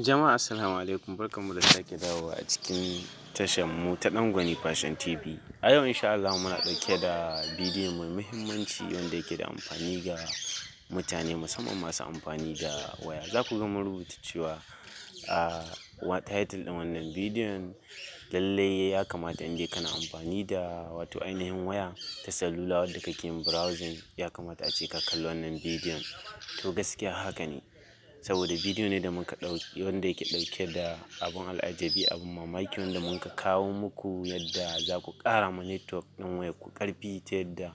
Jama'a assalamu alaikum barkanmu da sake dawo a cikin tashar mu ta gwani Fashion TV. A yau insha Allah muna dauke da bidiyo mai muhimmanci wanda yake da amfani ga mutane musamman masu amfani da waya. Za ku ga mun rubuta cewa a title ɗin wannan bidiyon lallai ya kamata in kana amfani da wato ainihin waya ta salula wadda kake yin browsing ya kamata a ce ka kalli wannan bidiyon. To gaskiya haka ne. saboda bidiyo ne da muka ɗauki wanda yake ɗauke da abun al'ajabi abun mamaki wanda muka kawo muku yadda za ku ƙara ma network ɗin waya ku ƙarfi ta yadda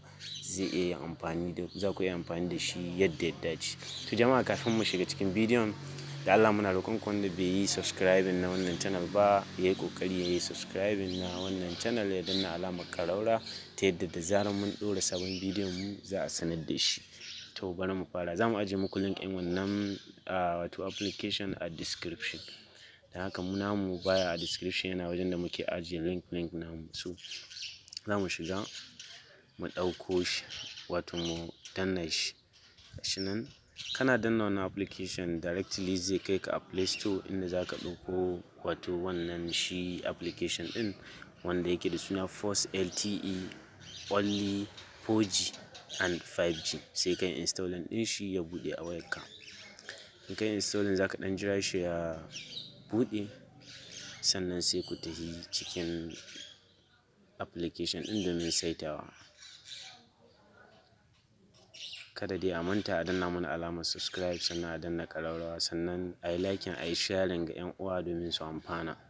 iya amfani da za ku iya amfani da shi yadda ya dace to jama'a kafin mu shiga cikin bidiyon da Allah muna roƙon ku wanda bai yi subscribing na wannan channel ba ya yi ƙoƙari ya yi subscribing na wannan channel ya danna alamar ƙaraura ta yadda da zarar mun ɗora sabon bidiyon mu za a sanar da shi to bari mu fara za mu ajiye muku link ɗin wannan wato application a description da haka mu namu baya a description yana wajen da muke ajiye link link namu so za mu shiga mu ɗauko shi wato mu danna shi shi nan kana danna wannan application directly zai kai ka a play store inda za ka ɗauko wato wannan shi application ɗin wanda yake da suna force lte only 4g and 5G sai kai installing ɗin shi ya buɗe a wayarka in kai installing za ka ɗan jira shi ya buɗe sannan sai ku tafi cikin application ɗin domin saitawa kada dai a manta a danna mana alamar subscribe sannan a danna ƙararrawa sannan a yi liking a yi sharing ga 'yan uwa domin su amfana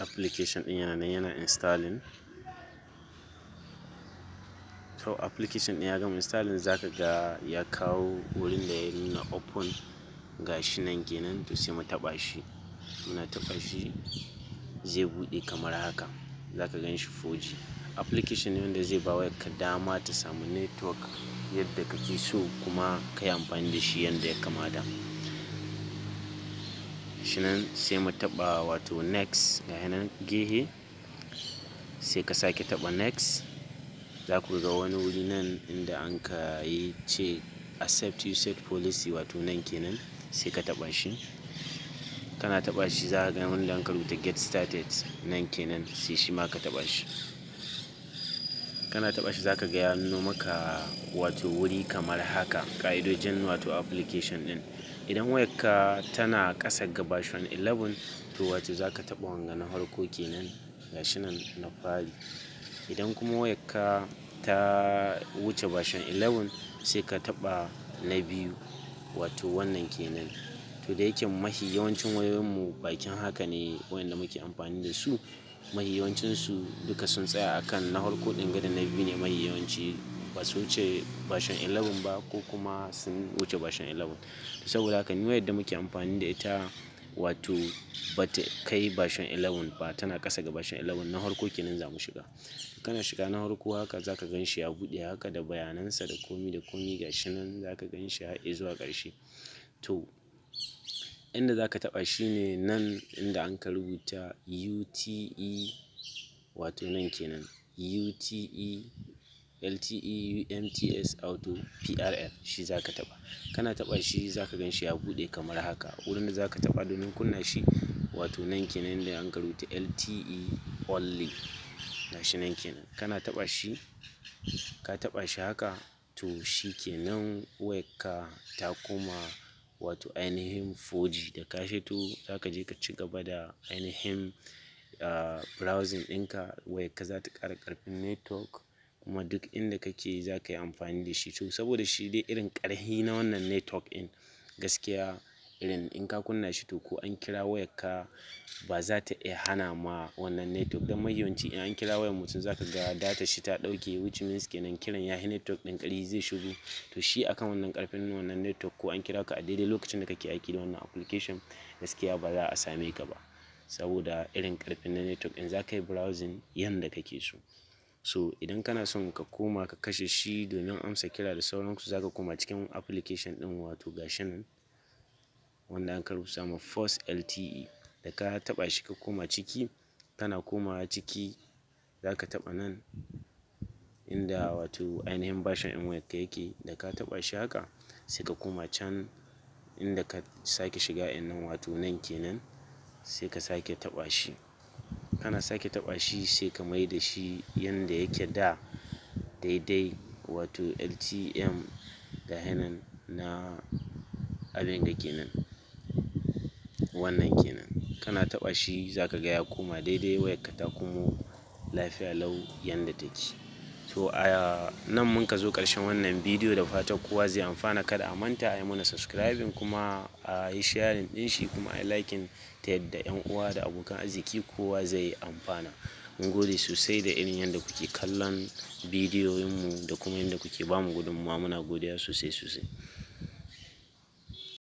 application ɗin yana nan yana installing so application ɗin ya gama installing zaka ga ya kawo wurin da ya nuna open shi nan kenan to sai mu taɓa shi muna taɓa shi zai buɗe kamar haka zaka gan shi 4G application ne wanda zai ba wa ka dama ta samu network yadda kake so kuma ka yi amfani da shi yadda ya kamata shi nan sai mu taɓa wato next ga nan gehe sai ka sake taɓa next za ku ga wani wuri nan inda an ka yi ce accept set policy wato nan kenan sai ka taɓa shi kana taɓa shi za ka ga wanda an ka rubuta get started nan kenan sai shi ma ka taɓa shi kana taba shi za ka ga ya nuno maka wato wuri kamar haka ka'idojin wato application ɗin idan wayarka tana ƙasa ga version 11 to wato za ka taɓa wanga na harko kenan shi nan na fari idan kuma wayarka ta wuce version 11 sai ka taɓa na biyu wato wannan kenan to da yake mahi yawancin wayoyinmu bakin haka ne wayanda muke amfani da su mahi yawancinsu duka sun tsaya akan na harko ɗin gada na biyu ne mahi yawanci ba su wuce version 11 ba ko kuma sun wuce version 11 saboda haka ni yadda muke amfani da ita wato ba ta kai version 11 ba tana kasa ga version 11 na harko kenan za mu shiga kana shiga na harko haka za ka gan shi ya buɗe haka da bayanansa da komi da komi ga shi nan za ka gan shi har zuwa ƙarshe to inda za ka taɓa shi ne nan inda an ka rubuta UTE wato nan kenan UTE LTE UMTS Auto PRF shi za ka taɓa kana taɓa shi za ka gan shi ya buɗe kamar haka wurin da za ka taɓa domin kunna shi wato nan kenan da an karuta LTE only gashi nan kenan kana taɓa shi ka taɓa shi haka to shi kenan wayarka ta koma wato ainihin 4G da ka to za ka je ka ci gaba da ainihin uh, browsing ɗinka wayarka za ta ƙara ƙarfin network kuma duk inda kake za ka yi amfani da shi. To saboda shi dai irin ƙarhi na wannan network in gaskiya irin in ka kunna shi to ko an kira wayarka ba za ta iya hana ma wannan network. Dan mahiyawanci in an kira wayar mutum za ka ga data shi ta ɗauke which means kenan kiran ya yi network ɗin ƙarhi zai shigo. To shi akan wannan ƙarfin wannan network ko an kira ka a daidai lokacin da kake aiki da wannan application gaskiya ba za a same ka ba. Saboda irin ƙarfin na network ɗin za ka yi browsing yanda kake so. So idan kana son ka koma ka kashe shi domin amsa kira da sauransu za ka koma cikin application din wato gashi nan wanda an karbu sama Force LTE da ka taɓa shi ka koma ciki kana koma ciki za ka taɓa nan inda wato ainihin bashin in wayarka yake da ka taɓa shi haka sai ka koma can inda ka sake shiga nan wato nan kenan sai ka sake taɓa shi. kana sake taɓa shi sai ka mai da shi yanda yake da daidai wato LTM da hannun na abin ga kenan wannan kenan kana taɓa shi za ka ga ya koma daidai wayarka ta kuma lafiya lau yadda take to a nan mun ka zo karshen wannan bidiyo da fatan kowa zai amfana kada a manta a yi mana subscribing kuma a yi sharing din shi kuma a yi liking ta yadda 'yan uwa da abokan arziki kowa zai amfana mun gode sosai da irin yadda kuke kallon bidiyoyinmu da kuma yadda kuke bamu gudunmawa muna godiya sosai sosai